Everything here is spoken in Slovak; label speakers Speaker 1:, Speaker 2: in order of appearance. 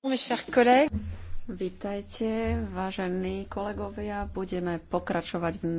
Speaker 1: Vítajte, vážení kolegovia. Budeme pokračovať v